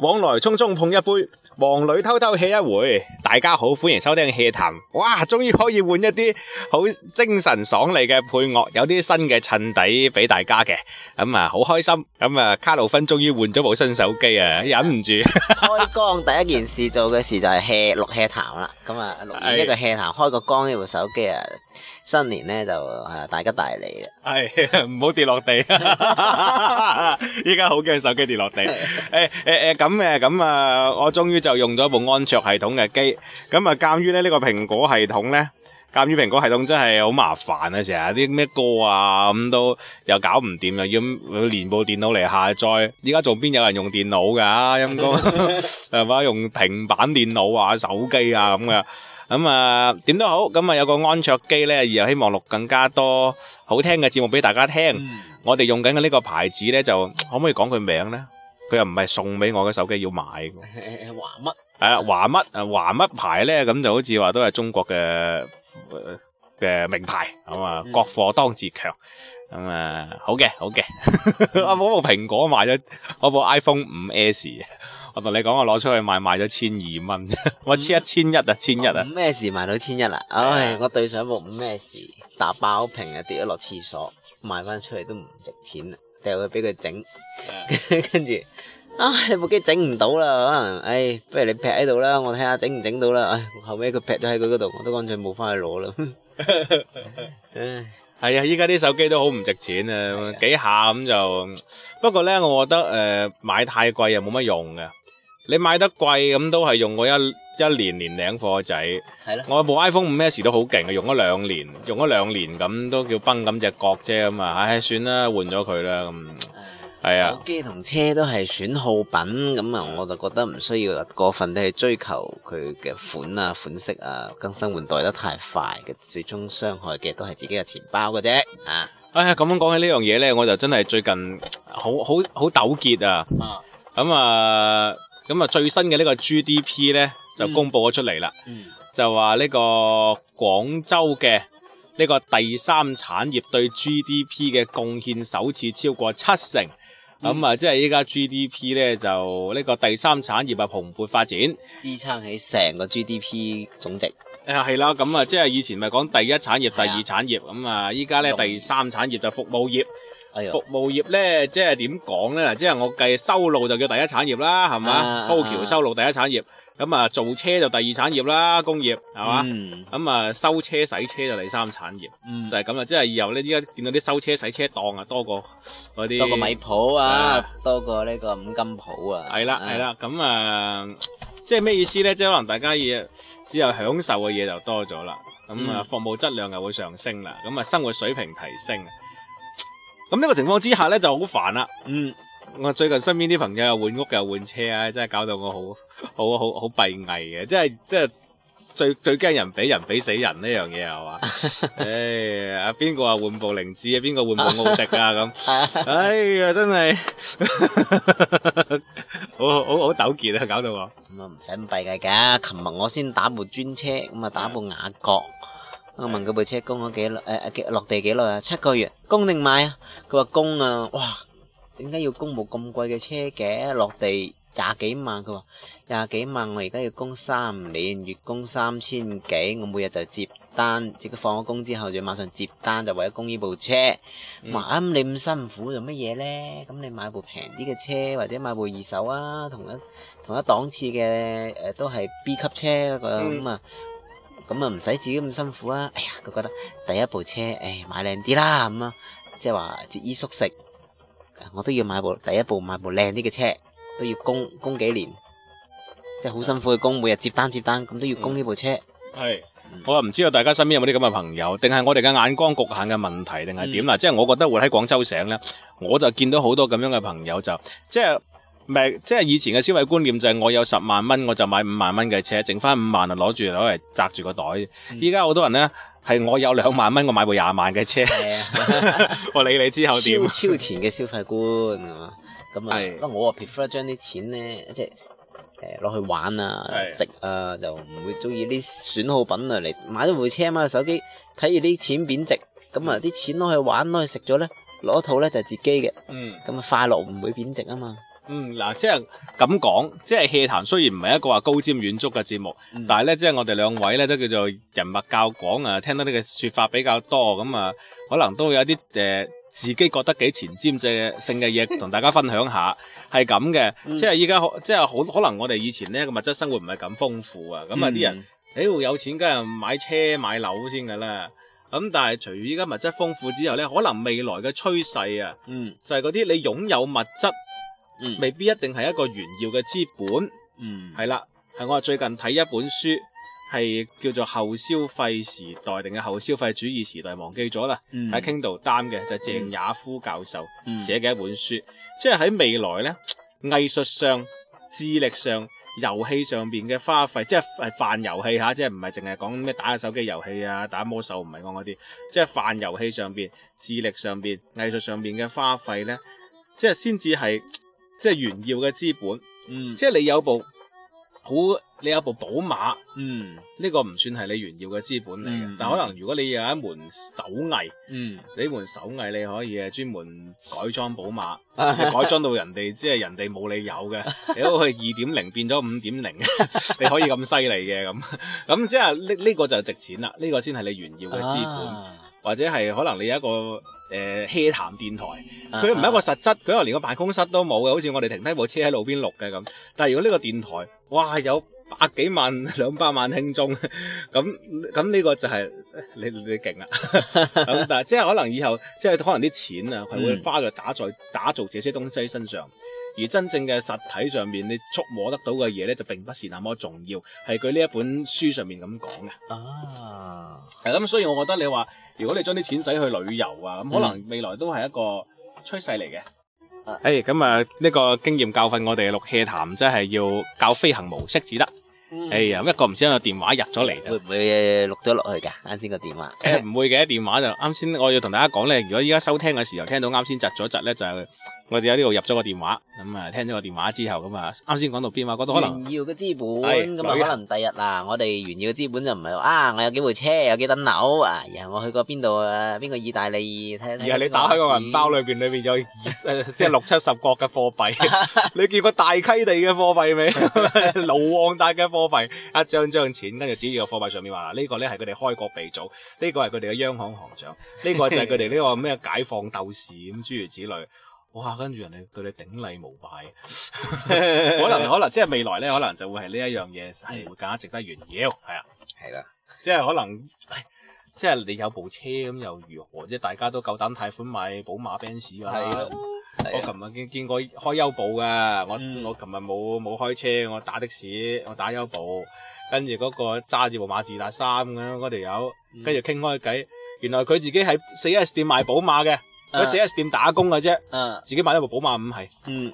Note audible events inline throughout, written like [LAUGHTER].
往來匆匆碰一杯，忙裏偷偷 hea 一回。大家好，歡迎收聽 hea 談。哇，終於可以換一啲好精神爽利嘅配樂，有啲新嘅襯底俾大家嘅，咁啊好開心。咁、嗯、啊，卡路芬終於換咗部新手機啊，的忍唔住開光第一件事做嘅事就係 hea 錄 hea 談啦。咁啊，錄一個 hea 談開個光呢部手機啊。新年咧就啊大吉大利啦！係唔好跌落地，依家好驚手機跌落地。誒誒誒，咁誒咁啊，我終於就用咗部安卓系統嘅機。咁啊，鑒於咧呢個蘋果系統咧，鑒於蘋果系統真係好麻煩啊，成日啲咩歌啊咁都又搞唔掂，又要連部電腦嚟下載。依家仲邊有人用電腦噶？陰公係咪啊？用平板電腦啊，手機啊咁嘅。咁啊，點都好，咁啊有個安卓機咧，而又希望錄更加多好聽嘅節目俾大家聽。嗯、我哋用緊嘅呢個牌子咧，就可唔可以講佢名咧？佢又唔係送俾我嘅手機，要買。華乜 [LAUGHS] 麥？係啦，華乜啊？華乜牌咧？咁就好似話都係中國嘅嘅名牌，咁、嗯、啊、嗯、國貨當自強。咁啊，好嘅，好嘅。我部蘋果買咗，我部 iPhone 五 S。我同你講，我攞出去賣，賣咗千二蚊。我千一千一啊，千一啊。五咩事賣到千一啦？唉，我對上一部五咩事打爆屏啊，跌咗落廁所，賣翻出嚟都唔值錢啦，就去俾佢整。跟住啊，哎、你部機整唔到啦，可能唉，不如你劈喺度啦，我睇下整唔整到啦。唉、哎，後尾佢劈咗喺佢嗰度，我都乾脆冇翻去攞啦。係 [LAUGHS] 啊，依家啲手機都好唔值錢啊，幾下咁就。不過咧，我覺得誒、呃、買太貴又冇乜用嘅。你買得貴咁都係用過一一年年零貨仔。係咯的。我部 iPhone 五 S 都好勁啊，用咗兩年，用咗兩年咁都叫崩咁隻角啫，咁啊，唉，算啦，換咗佢啦咁。嗯係啊，手機同車都係損耗品，咁啊，我就覺得唔需要過分地去追求佢嘅款啊、款式啊，更新換代得太快嘅，最終傷害嘅都係自己嘅錢包嘅啫啊。哎呀，咁樣講起呢樣嘢呢，我就真係最近好好好糾結啊。咁啊，咁啊，最新嘅呢個 G D P 呢就公佈咗出嚟啦。嗯，嗯，就話呢個廣州嘅呢個第三產業對 G D P 嘅貢獻首次超過七成。咁啊，嗯、即係依家 GDP 咧，就呢個第三產業啊蓬勃發展，支撐起成個 GDP 總值。誒，係啦，咁啊，即係以前咪講第一產業、的第二產業，咁啊，依家咧第三產業就服務業。哎喲呦，服務業咧，即係點講咧？嗱，即係我計收路就叫第一產業啦，係嘛？的高橋收路第一產業。咁啊，做車就第二產業啦，工業係嘛？咁啊、嗯，收車洗車就第三產業，嗯、就係咁啊。即係以後咧，依家見到啲收車洗車檔啊，多過嗰啲，多過米鋪啊，啊多過呢個五金鋪啊。係啦，係啦。咁啊，啊啊啊即係咩意思咧？即係可能大家嘢只有享受嘅嘢就多咗啦。咁啊，嗯、服務質量又會上升啦。咁啊，生活水平提升。咁呢個情況之下咧，就好煩啦。嗯。我最近身邊啲朋友又換屋又換車啊，真係搞到我好好好好閉翳嘅，即係即係最最驚人比人比死人呢樣嘢係嘛！唉，阿邊個話換部凌志啊，邊個換部奧迪啊咁？係啊！哎呀，真係好好好糾結啊，搞到我咁啊唔使咁閉翳㗎。琴日我先打部專車，咁啊打部雅閣，我問佢部車供咗幾耐？誒，落地幾耐啊？七個月，供定買啊？佢話供啊，哇！點解要供部咁貴嘅車嘅？落地廿幾萬，佢話廿幾萬，我而家要供三年，月供三千幾，我每日就接單，自己放咗工之後就馬上接單，就為咗供呢部車。哇！咁你咁辛苦做乜嘢呢？咁你買部平啲嘅車，或者買部二手啊，同一同一檔次嘅誒，都係 B 級車咁啊，咁啊唔使自己咁辛苦啊！哎呀，佢覺得第一部車誒買靚啲啦，咁啊，即係話節衣縮食。我都要買部第一部買部靚啲嘅車，都要供供幾年，即係好辛苦去供，每日接單接單，咁都要供呢部車。係、嗯，我唔知道大家身邊有冇啲咁嘅朋友，定係我哋嘅眼光局限嘅問題，定係點啦？嗯、即係我覺得會喺廣州醒呢，我就見到好多咁樣嘅朋友，就即係咪？即係以前嘅消費觀念就係我有十萬蚊，我就買五萬蚊嘅車，剩翻五萬啊攞住攞嚟紮住個袋。依家好多人呢。係我有兩萬蚊，我買部廿萬嘅車。 [LAUGHS] 我理你之後點？超，超前嘅消費觀，咁啊，不過是的 我啊 prefer 將啲錢咧，即係誒攞去玩啊、食是的 啊，就唔會中意啲損耗品啊嚟買咗部車啊是的 嘛，手機睇住啲錢貶值，咁啊啲錢攞去玩攞去食咗咧，攞套咧就係自己嘅。嗯，咁啊快樂唔會貶值啊嘛。嗯嗱，即係咁講，即係《戲壇》，雖然唔係一個話高瞻遠矚嘅節目，嗯、但係咧，即係我哋兩位咧都叫做人脈較廣啊，聽得啲嘅說法比較多，咁啊，可能都會有啲誒、呃、自己覺得幾前瞻性嘅嘢同大家分享下，係咁嘅。即係依家即係好可能，我哋以前呢個物質生活唔係咁豐富啊，咁啊啲人妖、嗯、有錢梗係買車買樓先噶啦。咁但係隨住依家物質豐富之後咧，可能未來嘅趨勢啊，嗯，就係嗰啲你擁有物質。嗯、未必一定係一個炫耀嘅資本，嗯，係啦，係我最近睇一本書，係叫做《後消費時代》定係《後消費主義時代》，忘記咗啦，係傾到單嘅就鄭、是、也夫教授寫嘅一本書，嗯、即係喺未來呢藝術上、智力上、遊戲上邊嘅花費，即係泛遊戲吓，即係唔係淨係講咩打下手機遊戲啊，打魔獸，唔係講嗰啲，即係泛遊戲上邊、智力上邊、藝術上邊嘅花費呢，即係先至係。即係炫耀嘅資本，嗯，即係你有部好，你有部寶馬，嗯，呢個唔算係你炫耀嘅資本嚟嘅。嗯、但可能如果你有一門手藝，嗯，你呢門手藝你可以係專門改裝寶馬， [LAUGHS] 係改裝到人哋，即、就、係、是、人哋冇理由嘅，你好似二點零變咗五點零，你可以咁犀利嘅咁，咁即係呢呢個就值錢啦，呢、呢個先係你炫耀嘅資本。啊或者係可能你有一個誒 hea 談電台，佢唔係一個實質，佢連個辦公室都冇嘅，好似我哋停低部車喺路邊錄嘅咁。但係如果呢個電台，哇有百幾萬兩百萬輕中，咁咁呢個就係、是、你你勁啦。咁 [LAUGHS] 但係即係可能以後，即係可能啲錢啊，佢會花去打在、嗯、打造這些東西身上。而真正嘅實體上面，你觸摸得到嘅嘢咧，就並不是那麼重要。係佢呢一本書上面咁講嘅。啊，係咁，所以我覺得你話，如果你將啲錢使去旅遊啊，咁可能未來都係一個趨勢嚟嘅。誒、嗯，咁啊，呢個經驗教訓我哋六氣談，即係要教飛行模式至得。嗯、哎呀，一個唔知我電話入咗嚟，會唔會錄咗落去噶？啱先個電話，唔、 [LAUGHS] 欸、會嘅電話就啱先，我要同大家講咧，如果依家收聽嘅時候聽到啱先窒咗窒咧，就係、是。我哋喺呢度入咗個電話，咁啊，聽咗個電話之後，咁啊，啱先講到邊話，覺得可能炫耀嘅資本，咁可能第日嗱，我哋炫耀嘅資本就唔係話啊，我有幾台車，有幾等樓啊，然後我去過邊度啊，邊個意大利睇一睇。然後你打開個銀包裏邊，裏邊有即係六七十國嘅貨幣， [LAUGHS] 你見過大溪地嘅貨幣未？盧 [LAUGHS] 旺達嘅貨幣，一張一張錢，跟住指住個貨幣上面話啦，呢、這個咧係佢哋開國鼻祖，呢、這個係佢哋嘅央行行長，呢、這個就係佢哋呢個咩解放鬥士咁諸 [LAUGHS] 如此類。哇！跟住人哋對你頂禮膜拜 [LAUGHS] [LAUGHS] ，可能可能即係未來咧，可能就會係呢一樣嘢會更加值得炫耀，係啊，係啦，即係可能，即係你有部車咁又如何？即係大家都夠膽貸款買寶馬、Benz 係咯。的我琴日見見過開優步㗎。我、嗯、我琴日冇冇開車，我打的士，我打優步，跟住嗰個揸住部馬自達三咁樣嗰條友，跟住傾開偈，嗯、原來佢自己喺四 s 店賣寶馬嘅。喺四 s,、啊、S, s 店打工嘅啫，啊、自己買咗部寶馬五系。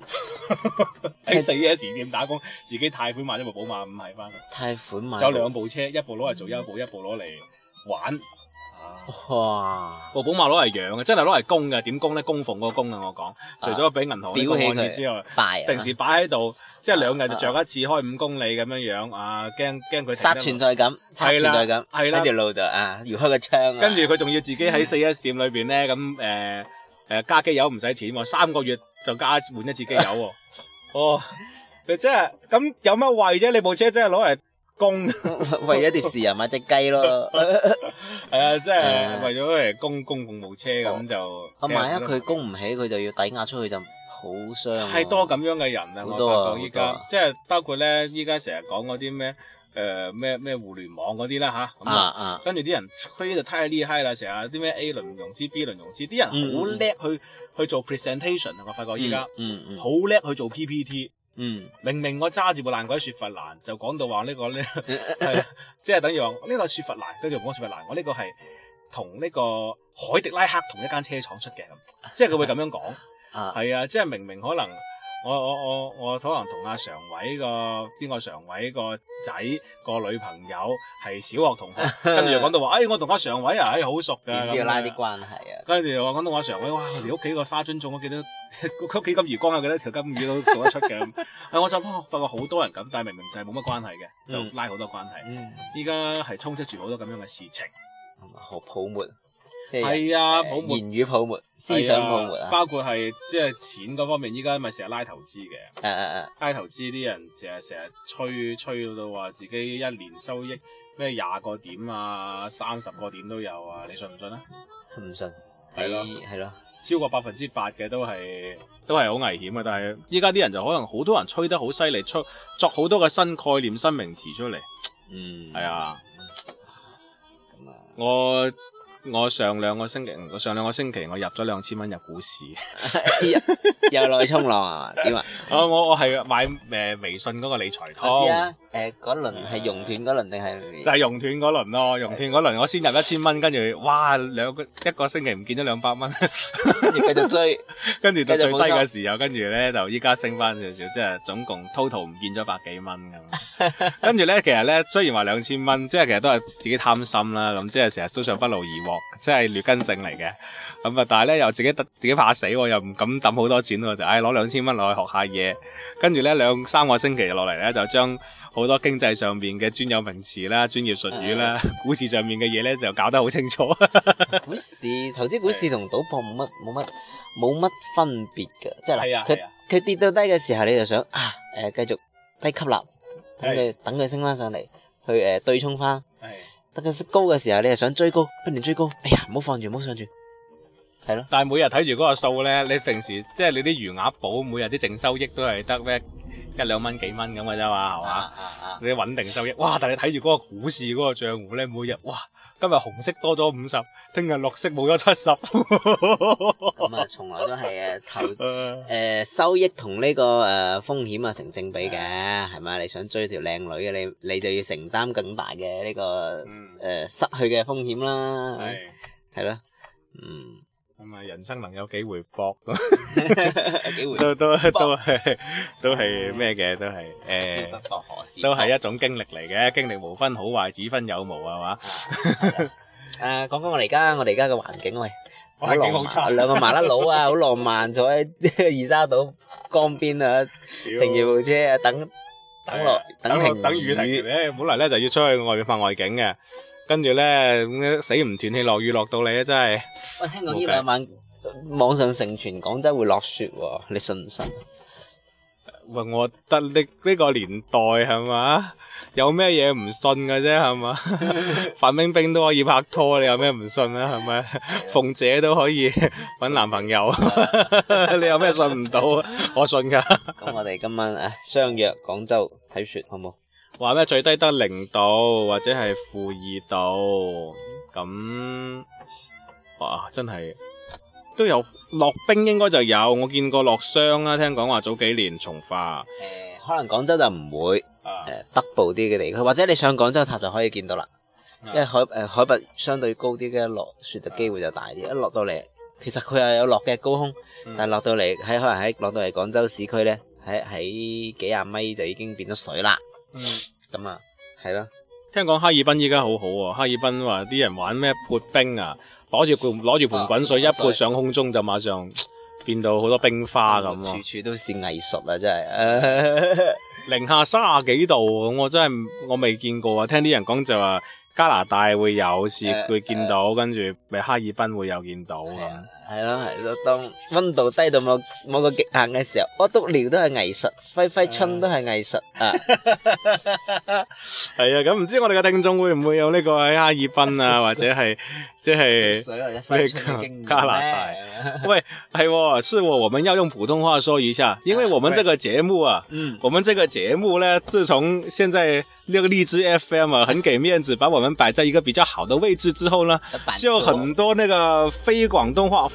喺四 s 店打工，自己貸款買咗部寶馬五系翻。貸款買咗兩部車，一部攞嚟做優步，一部、嗯，一部攞嚟玩。哇！部寶馬攞嚟養嘅，真係攞嚟供嘅。點供咧？供奉個供啊！我講，除咗俾銀行啲供外，之外、啊，平時擺喺度。即係兩日就著一次開五公里咁樣樣啊，驚驚佢刷存在感，刷存在感係啦，喺條路度啊搖開個窗，跟住佢仲要自己喺四 S 店裏邊咧咁誒誒加機油唔使錢，三個月就加換一次機油。哦，佢即係咁有乜為啫？你部車真係攞嚟供，為咗碟豉油買隻雞咯，係啊，即係為咗嚟供供部車咁就。啊，萬一佢供唔起，佢就要抵押出去就。好傷！太多咁樣嘅人啦，我發覺依家即係包括咧，依家成日講嗰啲咩誒咩咩互聯網嗰啲啦嚇，跟住啲人吹得太厲害啦，成日啲咩 A 輪融資、B 輪融資，啲人好叻去去做 presentation 啊！我發覺依家好叻去做 PPT，明明我揸住部爛鬼雪佛蘭就講到話呢個呢，即係等於話呢個雪佛蘭，跟住唔講雪佛蘭，我呢個係同呢個凱迪拉克同一間車廠出嘅，即係佢會咁樣講。係啊，啊，即係明明可能我我我我可能同阿常偉個邊個常偉個仔個女朋友係小學同學，跟住又講到話，哎，我同阿常偉啊，哎，好熟嘅，要拉啲關係啊。跟住又講到我阿常偉，哇，你屋企個花樽種咗幾多？屋企金魚缸有幾多條金魚都數得出嘅。 [LAUGHS] 我就發覺好多人咁，但係明明就係冇乜關係嘅，就拉好多關係。依家係充斥住好多咁樣嘅事情，好泡沫。係啊，係言語泡沫、啊、泡沫思想泡沫啊，包括係即係錢嗰方面，依家咪成日拉投資嘅。啊啊啊拉投資啲人成日成日吹吹到到話自己一年收益咩廿個點啊、三十個點都有啊，你信唔信呢？信唔信啊？唔信。係咯，係咯，超過百分之八嘅都係都係好危險嘅。但係依家啲人就可能好多人吹得好犀利，吹作好多嘅新概念、新名詞出嚟。嗯，係啊。啊我。我上兩個星期，我上兩個星期我入咗兩千蚊入股市， [LAUGHS] [LAUGHS] 又來沖浪啊，點啊？ [LAUGHS] 哦、我我我係買誒、呃、微信嗰個理財通啊誒嗰、呃、輪係熔斷嗰輪定係、啊、就係熔斷嗰輪咯、哦，熔斷嗰輪我先入一千蚊，跟住哇兩個一個星期唔見咗兩百蚊，跟住繼續追，跟住到最低嘅時候，跟住咧就依家升翻少少，即係總共 total 唔見咗百幾蚊咁，跟住咧其實咧雖然話兩千蚊，即係其實都係自己貪心啦，咁即係成日都想不勞而獲，即係劣根性嚟嘅。咁啊但係咧又自己自己怕死，又唔敢抌好多錢咯，就唉攞兩千蚊落去學下嘢，跟住咧兩三個星期落嚟咧，就將好多經濟上邊嘅專有名詞啦、專業術語啦、哎、呀股市上面嘅嘢咧，就搞得好清楚。 [LAUGHS] 股市投資股市同賭博冇乜冇乜冇乜分別嘅，即係嗱，佢佢跌到低嘅時候，你就想誒、啊呃、繼續低吸納，等佢、啊、等佢升翻上嚟去誒、呃、對沖翻。係、啊，等佢高嘅時候，你就想追高，不斷追高。哎呀，唔好放住，唔好上住。係咯，是但係每日睇住嗰個數咧，你平時即係你啲餘額寶每日啲淨收益都係得咩一兩蚊幾蚊咁嘅啫嘛，係嘛？啊啊、你穩定收益，哇！但係你睇住嗰個股市嗰個賬戶咧，每日哇，今日紅色多咗五十，聽日綠色冇咗七十，咁係從來都係誒投誒收益同呢、這個誒、呃、風險啊成正比嘅，係咪的？你想追條靚女，你你就要承擔更大嘅呢、這個、嗯呃、失去嘅風險啦，係係的嗯。咁啊！人生能有幾回搏，都都都係都係咩嘅？都係誒，都係一種經歷嚟嘅。經歷無分好壞，只分有無係嘛？誒，講講我哋而家我哋而家嘅環境喂，環境好差，兩個麻甩佬啊，好浪漫，坐喺二沙島江邊啊，停住部車啊，等等落等停等雨停咧。本來咧就要出去外面拍外景嘅，跟住咧咁死唔斷氣，落雨落到你咧真係～我聽講呢兩晚網上盛傳廣州會落雪喎，你信唔信？喂，我得力呢個年代係嘛？有咩嘢唔信嘅啫係嘛？范 [LAUGHS] 冰冰都可以拍拖，你有咩唔信啊？係咪鳳姐都可以搵男朋友？ [LAUGHS] [LAUGHS] 你有咩信唔到？我信噶。咁 [LAUGHS] 我哋今晚誒相約廣州睇雪好冇？話咩最低得零度或者係負二度咁。哇！真係都有落冰，應該就有我見過落霜啦。聽講話早幾年從化誒、呃，可能廣州就唔會誒、啊呃、北部啲嘅地區，或者你上廣州塔就可以見到啦。啊、因為海誒、呃、海拔相對高啲嘅，落雪嘅機會就大啲。一落到嚟，其實佢又有落嘅高空，但落到嚟喺、嗯、可能喺落到嚟廣州市區咧，喺喺幾廿米就已經變咗水啦。嗯，咁啊，係啦。聽講哈爾濱依家好好、啊、喎，哈爾濱話啲人玩咩潑冰啊？攞住攞住盆滾水一潑、啊啊、上空中就馬上變到好多冰花咁咯，啊、處處都是藝術啊！真係、啊、 [LAUGHS] 零下三十幾度我真係我未見過啊！聽啲人講就話加拿大會有時會見到，啊啊、跟住咪哈爾濱會有見到咁。係咯係咯，是啊是啊，當溫度低到某某個極限嘅時候，屙篤尿都係藝術，揮揮春都係藝術啊！係啊，咁唔知我哋嘅聽眾會唔會有呢個喺哈爾濱啊，或者係即係咩加拿大？啊，喂，係我，是我，我們要用普通話說一下，因為我們這個節目啊， [MUSIC] 嗯，我們這個節目咧，自從現在呢個荔枝 FM 啊，很給面子，把我們擺在一個比較好的位置之後呢， [MUSIC] 就很多那個非廣東話，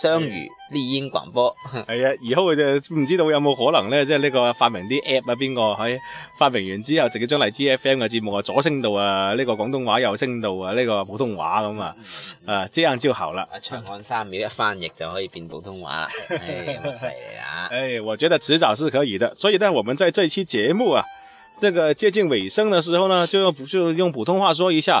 雙語麗音廣播係啊，以後就唔知道有冇可能咧，即係呢個發明啲 app 啊，邊個喺發明完之後，直接將嚟 GFM 嘅節目啊，左聲道啊，呢個廣東話，右聲道啊，呢個普通話咁啊，啊、嗯，這樣就好啦，啊，長按三秒一翻譯就可以變普通話係啊， [LAUGHS] 哎， [LAUGHS] 哎，我覺得遲早是可以的，所以咧我們在這一期節目啊，呢個接近尾聲的時候呢，就用普用普通話說一下。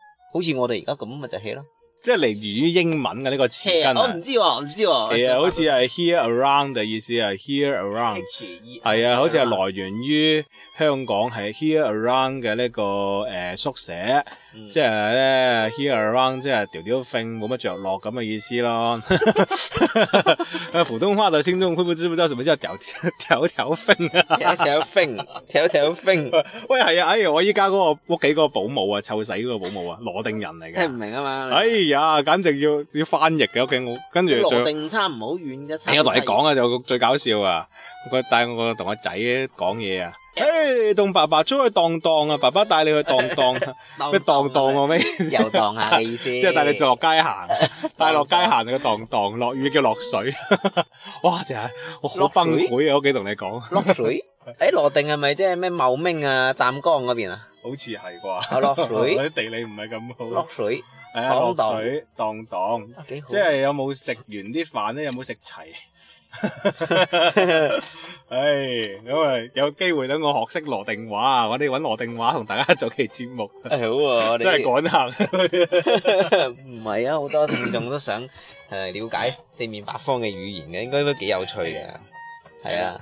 好似我哋而家咁，咪就係咯。即係嚟源於英文嘅呢、這個詞根我唔知喎，唔知喎。係啊，啊好似係 here around 嘅意思啊，here around 是。係啊，是好似係來源於香港係 here around 嘅呢個誒縮寫，即係咧 here around 即係條條粉冇乜着落咁嘅意思咯。普通話就聽眾會唔會知唔知道什麼叫條條粉啊？喂，係啊，哎，我依家嗰個屋企個保姆啊，湊仔嗰個保姆啊，羅定人嚟嘅。聽唔明啊嘛，哎。呀，簡直要要翻譯嘅屋企我，跟住最定差唔好遠嘅差不不遠。我同你講啊，就最搞笑啊，佢帶我同個仔講嘢啊，誒 Yeah.、欸，同爸爸出去蕩蕩啊，爸爸帶你去蕩蕩，啊，咩蕩蕩我咩？遊蕩下嘅意思，即係帶你落街行，帶落街行你去蕩蕩，落雨叫落水 [LAUGHS] 好好，啊，落水，哇，淨係我好崩潰啊，屋企同你講。誒，羅定係咪即係咩茂名啊，湛江嗰邊啊？好似係啩。落水，我啲地理唔係咁好。落水，蕩蕩。落水，蕩蕩。幾好。即係有冇食完啲飯咧？有冇食齊？唉，咁啊，有機會等我學識羅定話啊！我哋搵羅定話同大家做期節目。好啊，真係趕客。唔係啊，好多聽眾都想誒了解四面八方嘅語言嘅，應該都幾有趣嘅。係啊。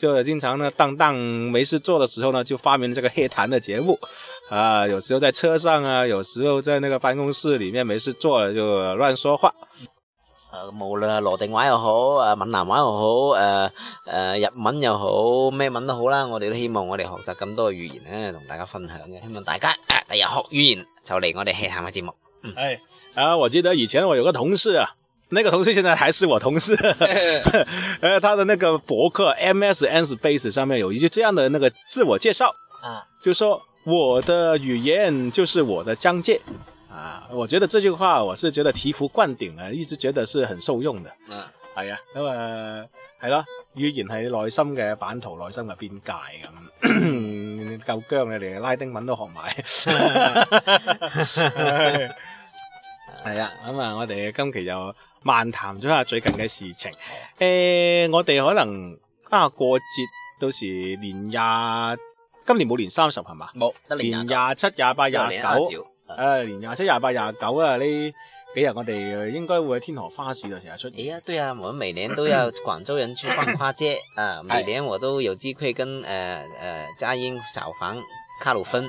就經常呢，當當沒事做的時候呢，就發明這個黑談的節目，啊，有時候在車上啊，有時候在那個辦公室裏面沒事做就亂說話。呃、啊，無論羅定話又好，啊，閩南話又好，呃、啊，呃、啊，日文又好，咩文都好啦，我哋都希望我哋學習咁多語言呢、啊，同大家分享嘅，希望大家啊，第日學語言就嚟我哋黑談嘅節目。係、嗯哎，啊，我記得以前我有個同事啊。那個同事現在還是我同事。 [LAUGHS] [LAUGHS] 他的那個博客 MSN Space 上面有一句這樣的那個自我介紹啊，就說我的語言就是我的疆界啊，我覺得這句話我是覺得醍醐灌頂啊，一直覺得是很受用的啊，係啊，咁、嗯呃、啊係咯，語言係內心嘅版圖，內心嘅邊界咁、嗯，夠薑嘅連拉丁文都學埋，係啊，咁啊，我哋今期就漫談咗下最近嘅事情，誒、呃，我哋可能啊，下過節，到時年廿，今年冇年三十係嘛？冇、啊，年廿七、廿八、廿九，誒，年廿七、廿八、廿九啊，呢幾日我哋應該會喺天河花市度成日出現。哎呀，對啊，我每年都要廣州人去逛花街咳咳啊，每年我都有機會跟呃呃嘉英小房卡魯芬。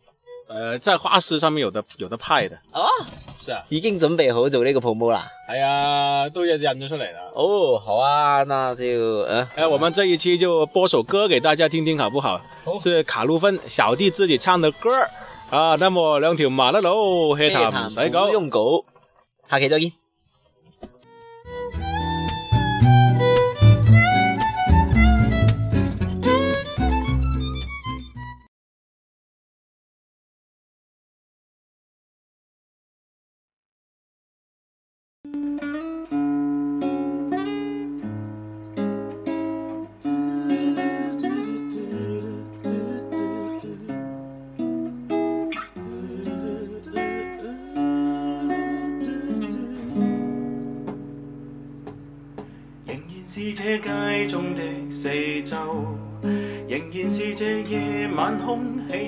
呃，在花市上面有的有的派的啊，oh, 是啊，已經準備好做那個泡沫啦。哎呀，都印印咗出嚟啦。哦，oh, 好啊，那就呃，啊、哎，我們這一期就播首歌給大家聽聽好不好？Oh. 是卡路芬小弟自己唱的歌啊。Ah, 那麼兩條馬拉路，去談唔使狗，下期再見。